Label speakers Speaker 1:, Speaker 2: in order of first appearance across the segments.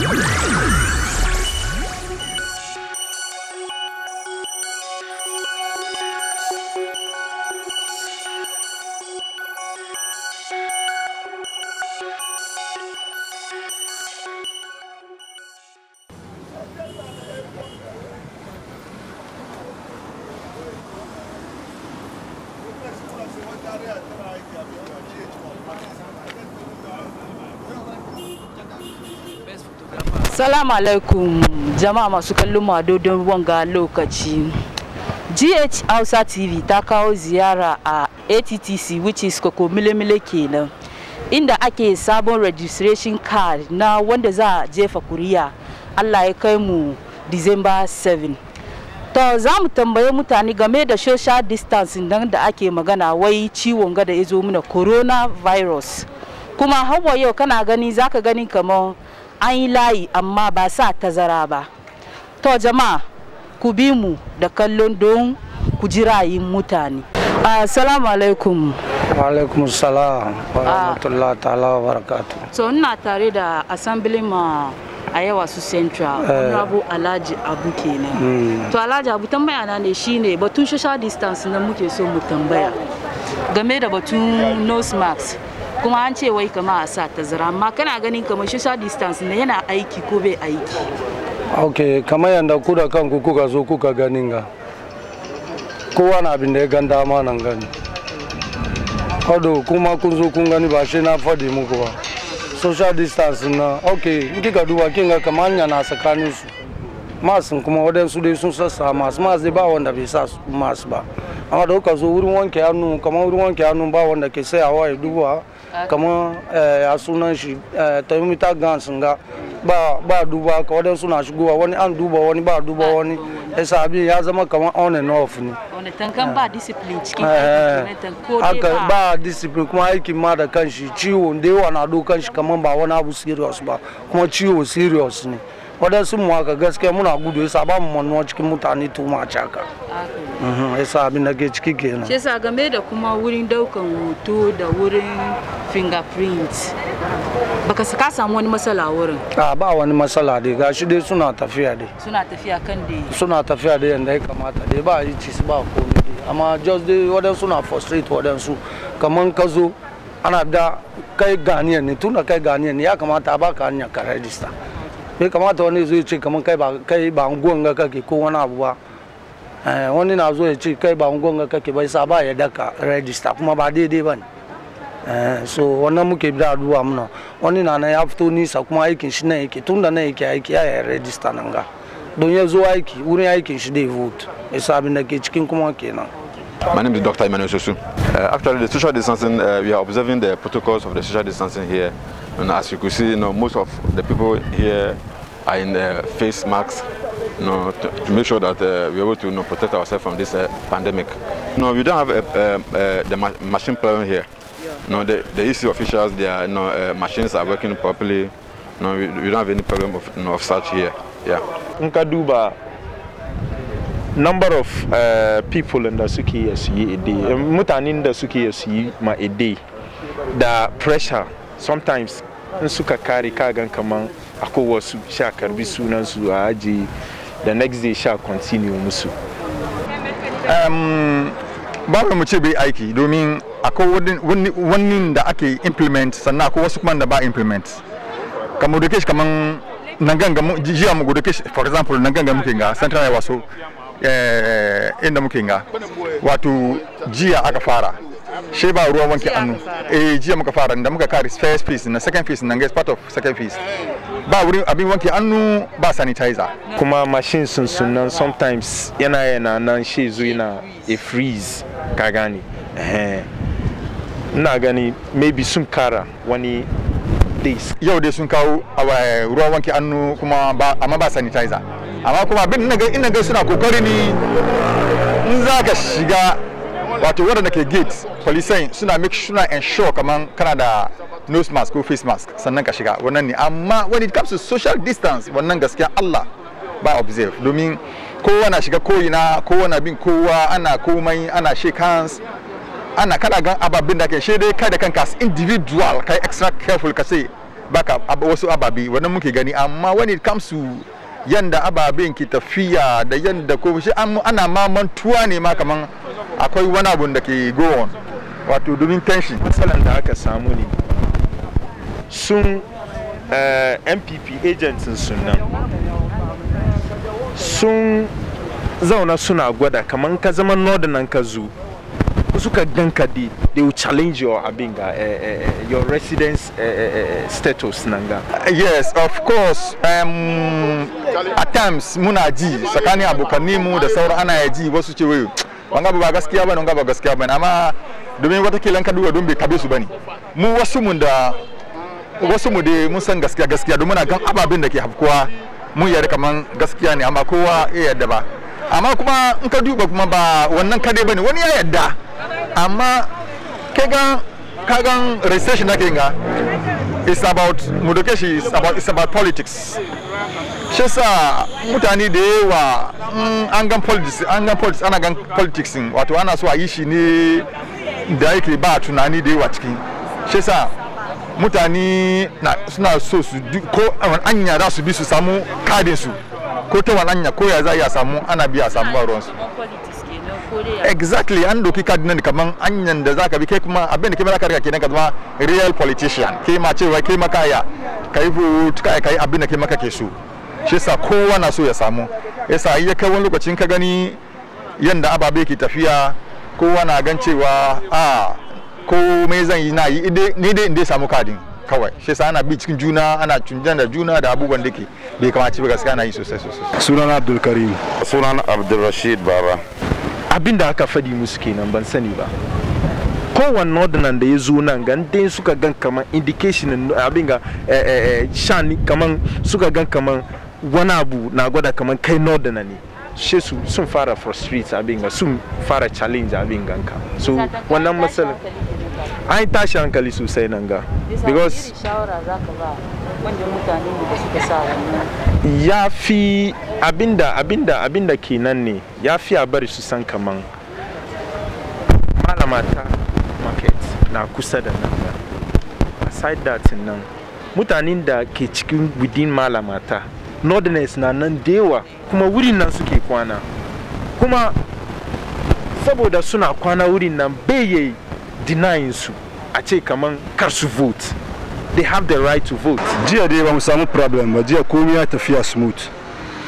Speaker 1: Yeah. Salamu alaikum jama'a masu kallon mado don wanga lokaci. GH Hausa TV ta kawo ziyara a ATTC which is koko mile-mile kenan inda ake sabon registration card na wanda za jefa kuriya Allah ya kai mu December 7. to za mu tambaye mutane game da social distancing nan da ake magana wai ciwon gada ya zo mana virus kuma hawa yau kana gani za ka gani kamar an yi layi amma ba sa tazara ba to jama'a ku bi mu da kallon don ku ji ra'ayin mutane
Speaker 2: assalamu alaikum alaikum salam wa rahmatullahi ta'ala wa barakatuh
Speaker 1: so ina tare da ma. a yawa su central eh. honorable alhaji abu kenan hmm. to alhaji abu tambaya na ne shine batun social distance na muke so mu tambaya game da batun nose mask kuma an ce wai kama a sa tazara amma kana ganin kamar social distance na yana aiki ko bai aiki
Speaker 2: ok kamar yadda ku da kanku kuka zo kuka ganin ga kowa na abin da ya gan dama nan gani hado kuma kun zo kun gani ba shi na faɗi muku ba social distance na ok kika duba kin ga kamar hanya na tsakanin su masin kuma waɗansu dai sun sassa masu masu ba wanda bai sa masu ba amma da kuka zo wurin wanke hannu kamar wurin wanke hannu ba wanda ke sayawa ya e duba kamar ya eh, sunan shi eh, taimita gansin ga ba duba ka waɗansu suna shigowa wani an duba wani ba duba wani yasa sabi ya zama kamar on and off ne
Speaker 1: tankan ba discipline cikin eh, haka ba
Speaker 2: discipline kuma aikin ma da shi ciwo da yawa na dokan shi kamar ba wani abu serious ba kuma ciwo serious ne waɗansu mu haka gaskiya muna gudu yasa ba mu manuwa cikin mutane to ma caka mhm, ya sabi na ke ciki kenan
Speaker 1: yasa game da kuma wurin daukan hoto da wurin fingerprint
Speaker 2: baka ka samu wani matsala wurin a ba wani matsala dai gashi dai suna tafiya dai
Speaker 1: suna tafiya kan dai
Speaker 2: suna tafiya dai yanda ya kamata dai ba yi cis ba komai dai amma just dai wadan na frustrate su kaman ka zo ana da kai ganiyan ne tunda kai ganiyan ne ya kamata a baka hanya ka register bai kamata wani zai ce kaman kai ba kai ba unguwan ga kake ko wani abu ba eh, wani na zo ya ce kai ba unguwan ga kake bai sa ba ya daka register kuma ba daidai ba ne Eh, so wannan muke da addu'a muna wani na ya fito nisa kuma aikin shi yake tun na yake aiki ya rejista nan don ya aiki wurin aikin shi dai vote isa abin ke cikin kuma kenan
Speaker 3: My name is Dr. Emmanuel Sosu. Uh, eh, actually, the social distancing, uh, we are observing the protocols of the social distancing here. And as you can see, you know, most of the people here are in uh, face masks you know, to, to make sure that uh, we're able to you know, protect ourselves from this uh, pandemic. You no, know, we don't have a, a, a, the ma machine problem here. No, the, the issue officials, their you know, uh, machines are working properly. No, we, we don't have any problem of, you know, of such here. Yeah.
Speaker 4: Nkaduba, number of uh, people da suke ya siye a day, um, mutanen da suke ya siye ma a day, the pressure sometimes in suka kare kagan kaman akwai wasu sha karbi sunansu a aji the next day sha continue musu. Um,
Speaker 3: babu mu ce bai aiki domin akwai wani da ake implement sannan akwai wasu kuma da ba implement kamar da kesh kamar nan ganga jiya mu gudu for example nan ganga muke ga central yawa so eh, inda muke ga wato jiya aka fara she ba ruwan wanke annu eh jiya muka fara da muka kare first piece na second piece na part of second piece ba wurin abin wanke annu ba sanitizer
Speaker 4: kuma machine sun sunan sometimes yana yana nan she zuwa na a freeze ka gane na gani maybe sun kara wani
Speaker 3: days yau dai sun kawo eh, ruwan wanke hannu kuma amma ba sanitizer amma kuma abin ina gai suna kokari ne in za ka shiga wato wadanda ke gate police suna make suna ensure kamar kana da nose mask ko face mask sannan ka shiga wannan ne amma when it comes to social distance wannan gaskiya Allah ba observe domin kowa na shiga ko'ina kowa na bin kowa ana komai ana shake ana kada gan ababin da ke shi dai kai da kanka individual kai extra careful ka sai baka wasu ababi wannan muke gani amma when it comes to yanda ababen ki tafiya da yanda ko shi ana mamantuwa ne ma kaman akwai
Speaker 4: wani abu da ke go on wato domin tension matsalan da aka samu ne sun eh, mpp agents sun nan sun zauna suna gwada kamar ka zama northern ka zu suka ganka di they will challenge your abinga uh, eh, eh, eh, your residence uh, uh, status nanga yes of
Speaker 3: course um, at times muna ji tsakanin mu da sauran ana ji wasu ce wayo wanga ba gaskiya ba wanga ba gaskiya ba amma domin wata watakilan ka duba don bai kabe su bane mu wasu mun da wasu mu dai mun san gaskiya gaskiya don muna gan ababin da ke hafkuwa mun yarda kaman gaskiya ne amma kowa ya yarda ba amma kuma in ka duba kuma ba wannan kade bane wani ya yarda amma kai ga ka ga recession da ga it's about mudokeshi it's about it's about politics shi sa mutane da yawa an gan politics an gan politics ana gan politics wato ana so a yi shi ne da yake ba tunani da yawa cikin shi sa mutane suna so su ko anya za su bi su samu kadin su ko ta wani anya ko ya za a samu ana biya samu ba su exactly an doki nan kaman anyan da zaka bi kai kuma abin da kai zaka rika kenan ka zama real politician kai ma cewa kai maka ya kai vote kai kai abin da kai maka ke so shi yasa kowa na so ya samu yasa iya kai wani lokacin ka gani yanda ababe ke tafiya kowa na gan cewa a ah, komai zan yi na yi ni dai in dai samu kadin kawai shi sa ana bi cikin juna ana cunjan da juna da abubuwan da ke bai kamaci ba gaskiya an'a yi sosai sosai
Speaker 5: sunana abdul karim sunan abdul rashid baba
Speaker 4: abin da aka fadi musu kenan ban sani ba kowanne ordinance da ya zo nan gan dai suka gan kaman indication abin ga eh, eh, eh, shan kaman suka gan kaman wani abu na gwada kaman kai nordina ne she su sun fara frustrate abin ga sun fara challenge abin ganka so wannan matsalar an tashi hankali sosai nan ga ya fi abinda abinda abinda kenan ne ya fi a bari su san kaman malama market na kusa da nan ga aside that nan mutanen da ke cikin within malama ta northerners na nan dewa kuma wurin nan suke kwana kuma saboda suna kwana wurin nan bayyai denying su a ce kaman kar su vote they have the right to vote jiya dai ba mu samu problem ba jiya komai ya tafiya smooth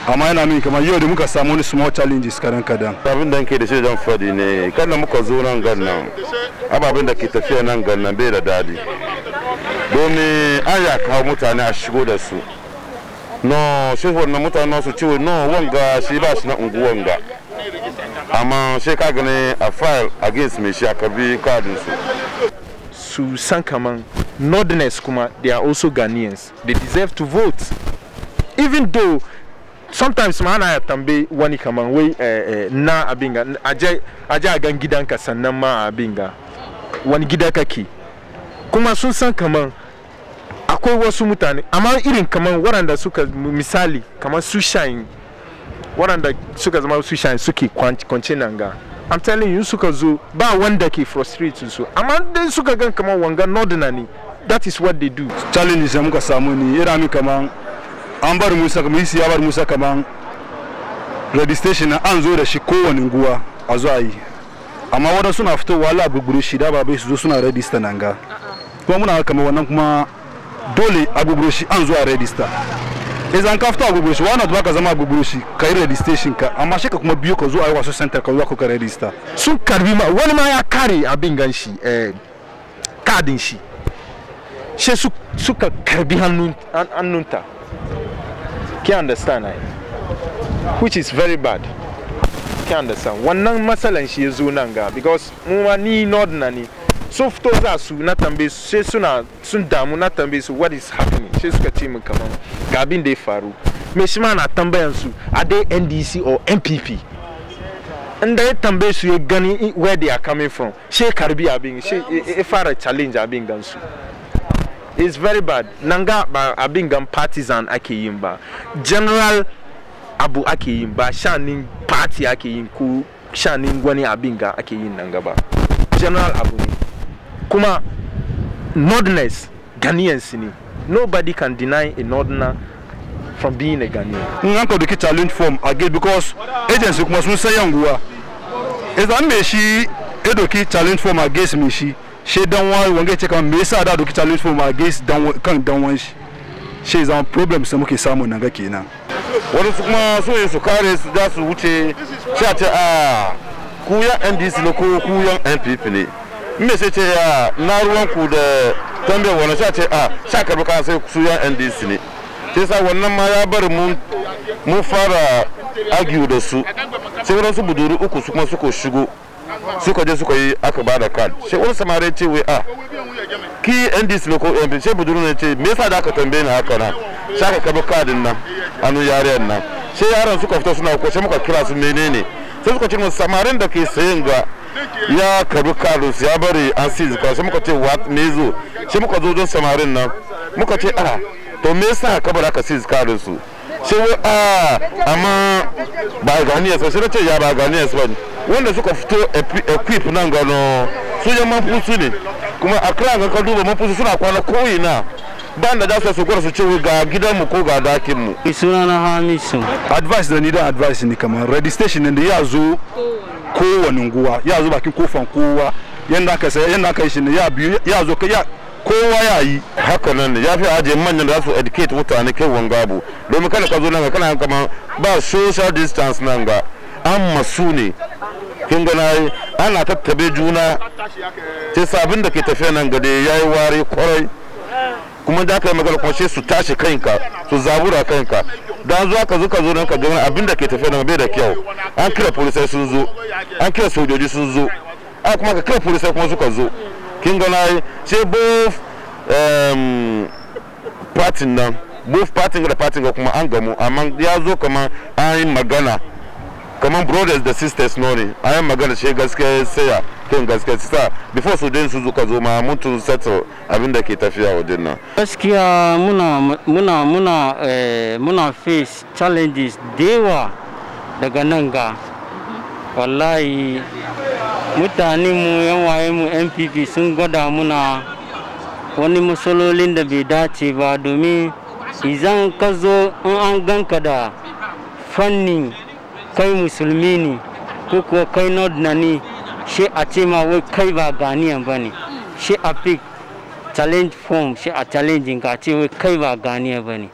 Speaker 5: amma yana min kamar yau da muka samu wani small challenges kadan kadan
Speaker 6: abin da nke da shi don fadi ne kan da muka zo nan gan nan ababen da ke tafiya nan gan nan bai da dadi domin an ya kawo mutane a shigo da su no shi wannan mutane su ciwo no wanga shi ba shi na unguwan ga amma sai ka gane a file against mai shi aka bi kadin su su san kaman northerners
Speaker 4: kuma they are also ghanaians they deserve to vote even though sometimes ma ana tambe wani kaman wai eh, eh, na abin ga aje a gan gidanka sannan ma abin ga wani gida kake kuma sun san kaman akwai wasu mutane amma irin kaman waɗanda suka misali kaman su shine waɗanda suka zama su shan suke kwanci nan ga i'm telling you suka zo ba wanda ke frustrate su amma dai suka gan kamar wanga northern ne that is what they do challenge da muka samu ni ira rami kamar an bar musa kamar ya bar musa kamar
Speaker 5: radio station na an zo da shi kowane guwa a zuwa yi amma wadda suna fitowa la gugure shi da babai su zo suna register nan ga kuma muna kamar wannan kuma dole a gugure shi an zuwa register da zan ka fito a wa wani ba zama a gugurushi ka yi registration ka amma shi ka kuma biyo ka zo a yi wasu center ka zuwa ka register sun karbi ma
Speaker 4: wani ma ya kare abin gan shi kadin eh, shi she ka karbi hannunta ki understand ai which is very bad ki understand wannan matsalan shi ya zo nan ga because mu ma ni nod na ni so fito za su na tambe su sai suna sun damu na tambe su what is happening sai suka ce min kamar ga abin da ya faru mai shi ma na tambayan su a dai ndc or npp inda ya tambe su ya gani where they are coming from she karbi abin she ya fara challenge abin gansu it's very bad nan ga ba abin gan partisan ake yin ba general abu ake yin ba shanin party ake yin ko shanin wani abin ga ake yin nan gaba general abu ne kuma northerners ghanaians ne nobody can deny a northerner from being a ghanaian in an ka doki challenge form again because agency kuma sun sayan guwa idan me shi e
Speaker 5: ya doki challenge form against me shi she dan wani wanga ce kamar me yasa da doki challenge form against kan dan wan shi she zama problem sai muke samu nan ga kenan
Speaker 6: wani su kuma so su kare su za su wuce sai a ce a ah, ku yan ndc ne ko ku yan npp ne me sai ce ya na ruwanku da tambe wani sha ce a sha karbi kasa sai su yan ndc ne sai sa wannan ma ya bari mun fara agiyu da su sai su buduru uku su kuma suka shigo suka je suka yi aka ba da kan sai wani samari ce wai a ki ndc ne ko mp sai buduru ne ce me yasa da aka tambaye ni haka na sha ka karbi kadin nan anu yaren nan sai yaran suka fita suna ko sai muka kira su menene sai suka ce samarin da ke sayin ga ya karbi carlos ya bari asis kwasu muka ce wat mezo shi muka zo don samarin nan muka ce a ah, to me yasa ka bar asis carlos sai wai a ah, amma ba gani yasa na ce ya ba gani yasa ba wanda suka fito equip nan gano su yan mafusu ne kuma a kira ga duba mafusu suna kwana ko'ina ban da za su gwada su ce ga gidanmu ko ga dakinmu.
Speaker 7: sunana hamisu
Speaker 6: advice
Speaker 5: da ni da advice ni kamar registration da ya zo kowane guwa ya zo bakin kofan
Speaker 6: kowa yadda aka sai yadda aka yi shi ne ya biyu ya zo ya kowa ya yi haka nan ne ya fi aje manyan da su educate mutane kai wangabu domin kada ka zo nan kana kama ba social distance nan ga an masu ne kin gana ana tattabe juna ce sabin da ke tafiya nan gade ya yi ware kwarai kuma da aka yi magana kuma su tashi kanka su zabura kanka da zuwa ka zo ka zo nan ka ga abin da ke tafiya nan bai da kyau an kira polisai sun zo an kira sojoji sun zo a kuma ka kira polisai kuma suka zo kin ga nayi sai both um, ehm, partin nan both partin da partin ga kuma an gamu amma ya zo kama an yi magana kamar brothers da sisters nori an yi magana shi gaskiya saya kin gaskiya sa before su din su zuka zo ma mun tun settle abin da ke tafiya wajen nan
Speaker 7: gaskiya muna muna muna eh, muna face challenges dewa daga nan ga wallahi mutane mu yan waye mu npp sun gwada muna wani matsalolin da bai dace ba domin izan ka zo in an ganka da fannin kai musulmi ne ko kuwa kai nod na ne she a ce ma wai kai ba ganiyan ba ne she a fi challenge form she a challenging ka ce wai kai ba ganiyan ba ne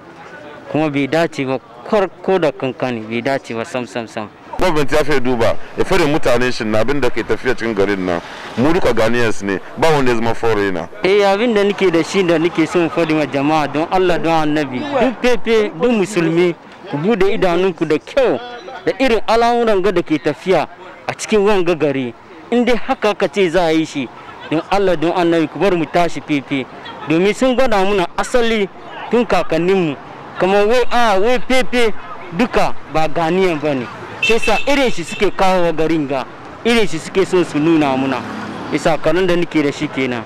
Speaker 7: kuma bai dace ba ko da kankani bai dace ba sam sam sam
Speaker 6: gwamnati ta fi duba ya fara mutane shi na abin da ke tafiya cikin garin nan mu duka su ne ba wanda ya zama foreigner
Speaker 7: eh abin da nake da shi da nake son faɗi ma jama'a don Allah don annabi duk pepe duk musulmi ku bude idanunku da kyau da irin al'amuran ga da ke tafiya a cikin wanga gari in dai haka ka ce za a yi shi don allah don annabi ku bar mu tashi fefe domin sun gwada muna asali tun kakanninmu kamar wai a wai fefe duka ba ganiyan ba ne sai sa irin shi suke kawo wa garin ga irin shi suke so su nuna muna isa kanan da nake da shi kenan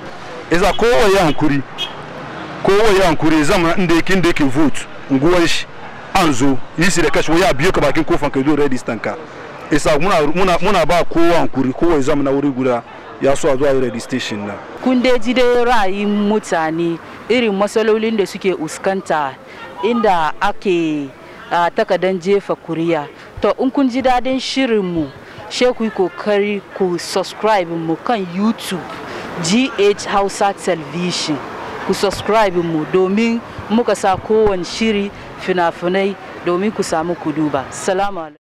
Speaker 7: isa kowa ya hankuri
Speaker 5: kowa ya hankuri zama inda yake inda yake vote unguwar shi an zo yi shi da kashi wani ya biyo ka bakin kofan ka zo redistan ka. isa muna ba kowa hankuri kowa zama na wuri guda ya so a zuwa radio station na
Speaker 1: kun dai ji dai ra'ayin mutane irin masalolin da suke uskanta inda ake a takadan jefa kuriya to in kun ji dadin shirinmu she ku kokari ku subscribe mu kan youtube gh hausa television ku subscribe mu domin muka sa kowane shiri fina-finai domin ku samu ku duba
Speaker 6: salamu